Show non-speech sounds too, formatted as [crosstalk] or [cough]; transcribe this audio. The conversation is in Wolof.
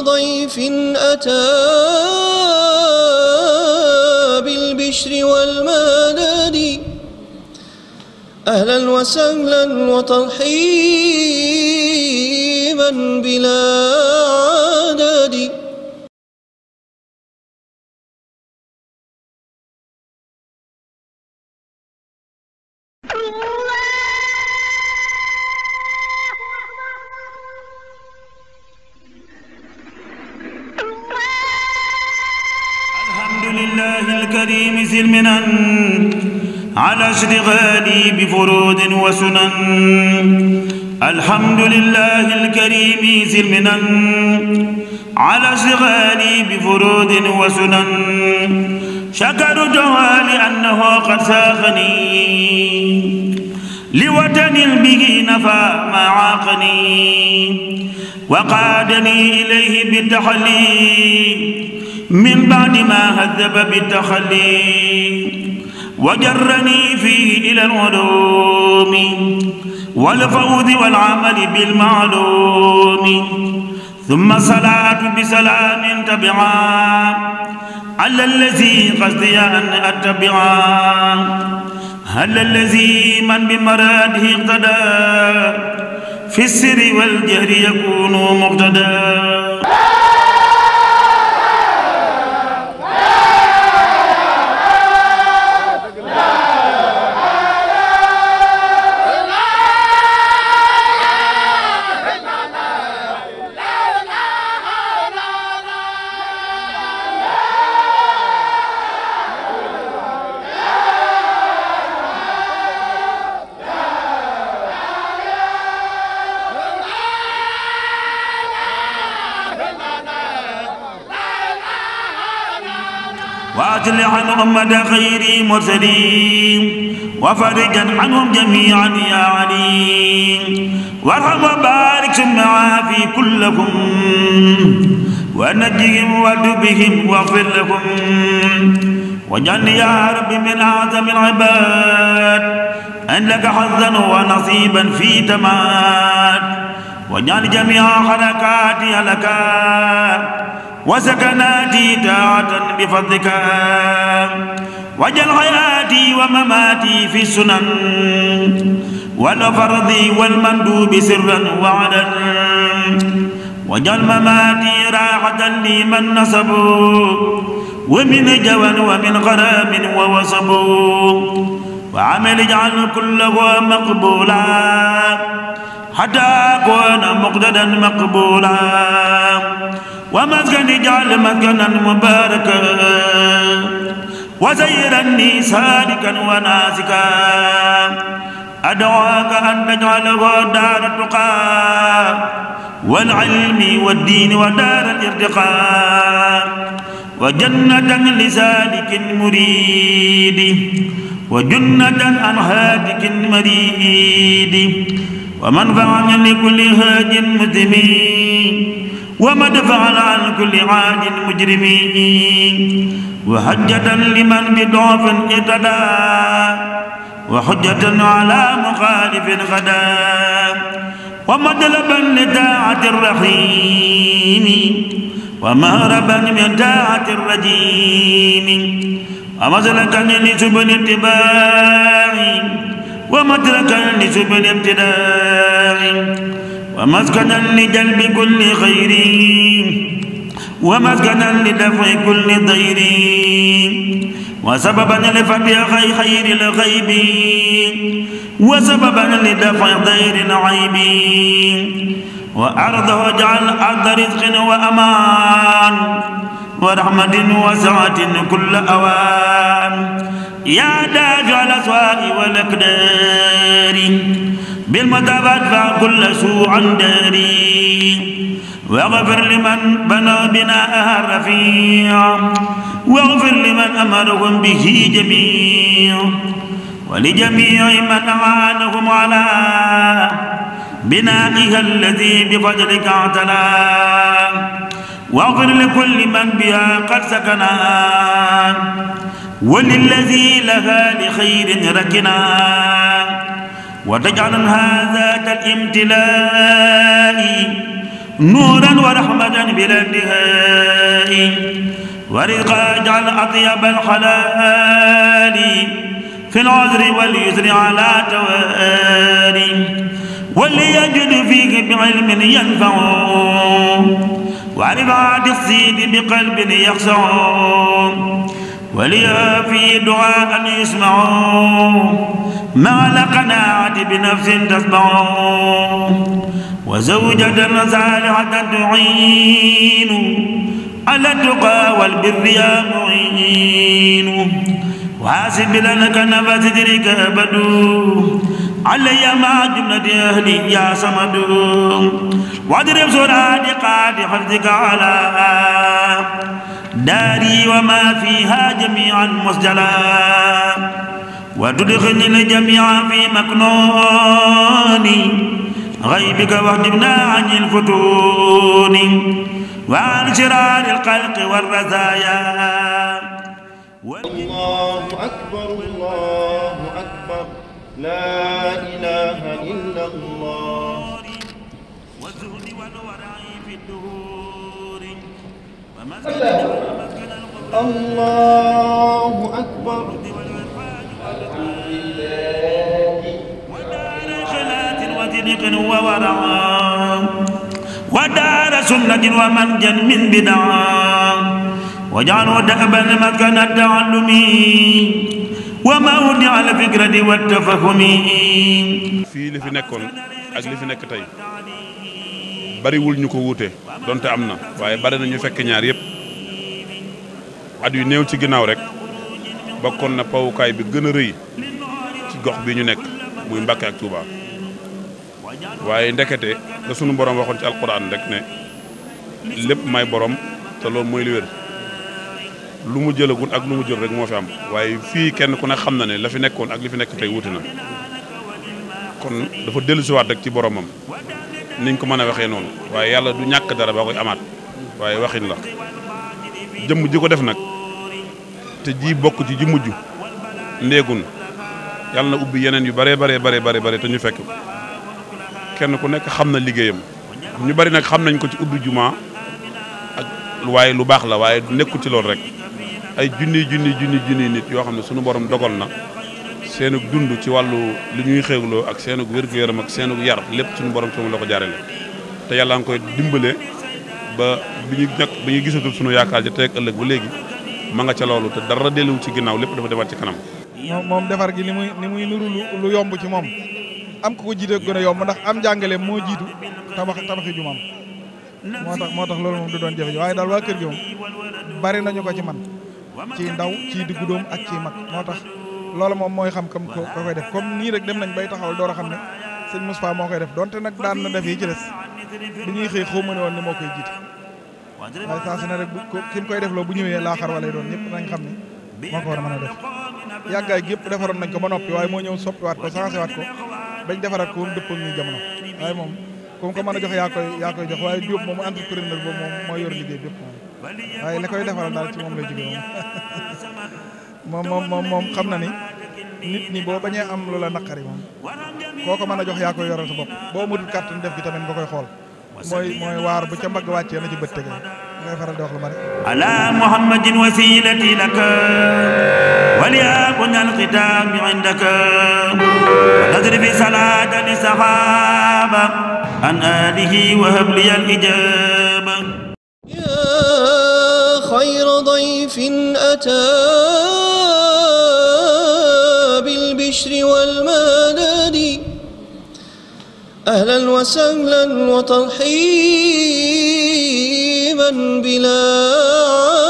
ضيف أتى بالبشر والمدد أهلا وسهلا وترحيبا بلا الحمد لله الكريم ذي المنن على اشتغالي بفروض وسنن الحمد لله الكريم ذي المنن على اشتغالي بفروض وسنن شكر جوالي أنه قد ساقني لوطن به نفى ما عاقني وقادني إليه بالتحلي من بعد ما هذب بالتخلي وجرني فيه إلى العلوم والفوز والعمل بالمعلوم ثم صلاة بسلام تبعا على الذي قصدي أن أتبعا هل الذي من بمراده اقتدى في السر والجهر يكون مقتدى وأصلح عن أمة خير مرسلين وفرج عنهم جميعا يا عليم وارحم وبارك ثم عافي كلهم ونجهم وارد بهم واغفر لهم واجعلني يا رب من أعظم العباد أن لك حظا ونصيبا في تمام واجعل جميع حركاتي لك وسكناتي طاعة بفضلك واجعل حياتي ومماتي في السنن والفرض والمندوب سرا وعدا واجعل مماتي راحة لمن نصبوا ومن جوى ومن غرام ووصبوا وعمل اجعل كله مقبولا حتى أكون مقتدا مقبولا ومسكن اجعل مسكنا مباركا وسيرني سالكا وناسكا أدعوك أن تجعله دار التقى والعلم والدين ودار الارتقاء وجنة لسالك مريد وجنة عن هادك مريد ومنفعا لكل هاد مسلمين ومد فعل عن كل عاد مجرمين وحجة لمن بضعف اقتدى وحجة على مخالف غدا ومطلبا لطاعة الرحيم ومهربا من طاعة الرجيم ومسلكا لسبل اتباع ومدركا لسبل ابتداع ومسكنا لجلب كل خير ومسكنا لدفع كل ضير وسببا لفبيع خير الغيب وسببا لدفع ضير العيب وأرضه جعل أرض رزق وأمان ورحمة وسعة كل أوان يا دافع الأسواء والأقدار بالمتابعة ادفع كل سوء عن داري واغفر لمن بنى بناءها الرفيع واغفر لمن أمرهم به جميع ولجميع من أعانهم على بنائها الذي بفضلك اعتلى واغفر لكل من بها قد سكنا وللذي لها لخير ركنا وتجعل هذا كالامتلاء نورا ورحمة بلا انتهاء ورزقا اجعل أطيب الحلال في العذر واليسر على توالي وليجد فيك بعلم ينفع وعرفات السيد بقلب يخشع ولي في دعاء يسمع مع القناعة بنفس تسمع وزوجة صالحة تعين على التقى والبر يا معين وحاسب لك نفس تدرك أبد علي مع جملة أهلي يا صمد واضرب سرعة قاد حفظك على داري وما فيها جميعا مسجلا وتدخلني جميعا في مكنون غيبك واهدمنا عن الفتون وعن شرار القلق والرزايا الله أكبر الله أكبر لا إله إلا الله والزهد والورع في الدهور الله أكبر ودار سنة ومنجا من بدعا وجعلوا دأبا مكان التعلم وموضع الفكرة والتفهم fii li fi nekkoon ak li fi nekk tey bariwul ñu ko wuute donte am na waaye bari na ñu fekk ñaar yëpp at yu néew ci ginnaaw rek bokkoon na pawukaay bi gën a rëy ci gox bi ñu nekk muy Mbàkke ak Touba waaye ndekete da sunu borom waxoon ci alquran rek ne lépp may borom te lool mooy li lu mu jëlagul ak lu mu jël rek moo fi am waaye fii kenn ku ne xam na ne la fi nekkoon ak li fi nekk tey wuute na kon dafa dellusiwaat rek ci boromam niñ ko mën a waxee noonu waaye yàlla du ñàkk dara ba koy amaat waaye waxin la jëmm ji ko def nag te ji bokk ci ji mujj ndéegun yàlla na ubbi yeneen yu bare bare bare bare bare te ñu fekk kenn ku nekk xam na liggéeyam ñu bari nag xam nañ ko ci ubbi juma ak waaye lu baax la waaye du nekkul ci loolu rek ay junni junni junni junni nit yoo xam ne sunu borom dogal na seenug dund ci wàllu lu ñuy xéwloo ak seenug wér-gu-yaram ak seenug yar lépp suñu borom sama la ko jaarale te yàlla nga koy dimbale ba bi ñu ñàkk bi gisatul suñu yaakaar ja tey ak ëllëg ba léegi ma nga ca loolu te dara delluwu ci ginnaaw lépp dafa demaat ci kanam. moom defar gi ni muy ni muy nuru lu yomb ci moom am ku ko jiite gën a yomb ndax am jàngale moo jiitu tabax tabaxi jumaam moo tax moo tax loolu moom du doon jafe waaye daal waa kër gi moom bari nañu ko ci man ci ndaw ci diggu doom ak ci mag moo tax loolu moom mooy xam kam ko koy def comme nii rek dem nañ bay taxawal door a xam ne sëñ Moustapha moo koy def donte nag daan na def yi ci des bi ñuy xëy xaw ma ne woon ni moo koy jiite waaye saa ne rek bu ki koy def loo bu ñëwee laaxar walay doon ñëpp xam ne moo a mën a defaroon nañ ko ba noppi waaye moo ñëw soppiwaat ko changé waat ko bañ defaraat ko moom dëppal ñu waaye moom comme mën a jox yaa koy yaa koy waaye Diop moom entrepreneur boobu moom moo yor liggéey bépp moom waaye la koy defaral daal ci moom lay jóge [laughs] moom moom moom moom xam na ni nit ñi boo bañee am lu la naqari moom koo ko mën a jox yaa koy yoral sa bopp boo mutul kàttan def gi tamit nga koy xool mooy mooy waar bu ca mbagg wàccee na ci bët tege ngay faral di wax lu bari ala muhammadin wasilati laka wali akun alxitaami indaka nadri bi salaata li saxaaba an alihi wa habli al ijaaba ya xayra dayfin ataa والمدد أهلا وسهلا وترحيبا بلا